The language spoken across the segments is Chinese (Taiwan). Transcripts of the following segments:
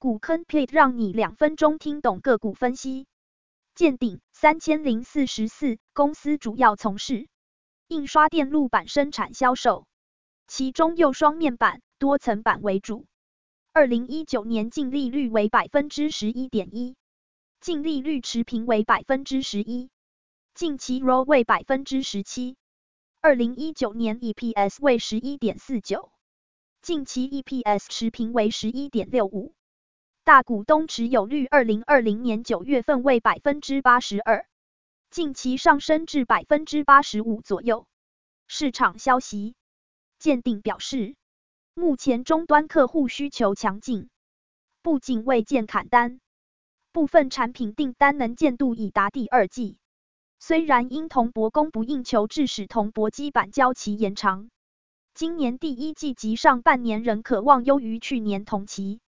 股坑 plate 讓你兩分鐘聽懂個股分析。健鼎三千零四十四公司主要從事印刷電路板生產銷售，其中以雙面板、多層板為主。二零一九年淨利率為百分之十一點一，淨利率持平為百分之十一，近期 ROE 為百分之十七。二零一九年 EPS 為十一點四九，近期 EPS 持平為十一點六五。大股東持有率，二零二零年九月份為百分之八十二，近期上升至百分之八十五左右。市場消息，健鼎表示，目前終端客戶需求強勁，不僅未見砍單，部分產品訂單能見度已達第二季。雖然因銅箔供不應求，致使銅箔基板交期延長，今年第一季及上半年仍可望優於去年同期。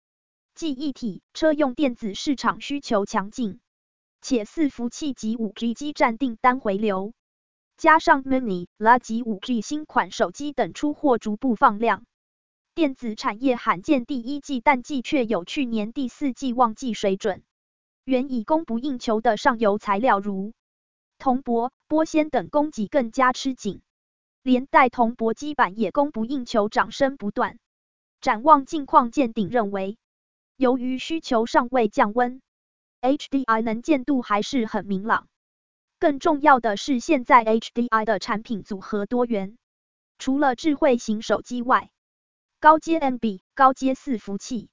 記憶體、車用電子市場需求強勁，且伺服器及五 G 基站訂單回流，加上 Mini LED 及五 G 新款手機等出貨逐步放量，電子產業罕見第一季淡季卻有去年第四季旺季水準。原已供不應求的上游材料如銅箔、玻纖等供給更加吃緊，連帶銅箔基板也供不應求，漲聲不斷。展望近況，健鼎認為。由於需求尚未降溫，HDI 能見度還是很明朗。更重要的是，現在 HDI 的產品組合多元，除了智慧型手機外，高階 m b 高階伺服器、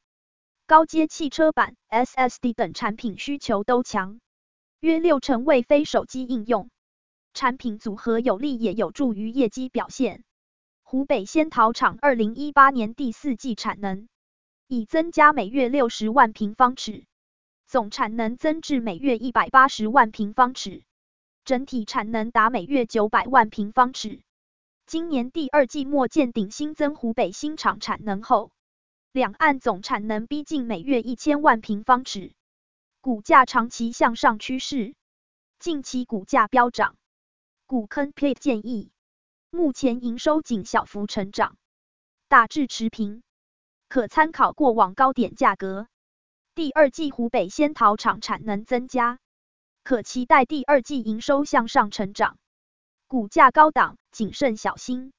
高階汽車版 SSD 等產品需求都強，約六成為非手機應用，產品組合有利也有助於業績表現。湖北仙桃廠2018年第四季產能。已增加每月六十萬平方尺，總產能增至每月一百八十萬平方尺，整體產能達每月九百萬平方尺。今年第二季末見頂新增湖北新廠產能後，兩岸總產能逼近每月一千萬平方尺。股價長期向上趨勢，近期股價飆漲。股坑 plate 建議，目前營收僅小幅成長，大致持平。可參考過往高點價格。第二季湖北仙桃廠產能增加，可期待第二季營收向上成長。股價高檔，謹慎小心。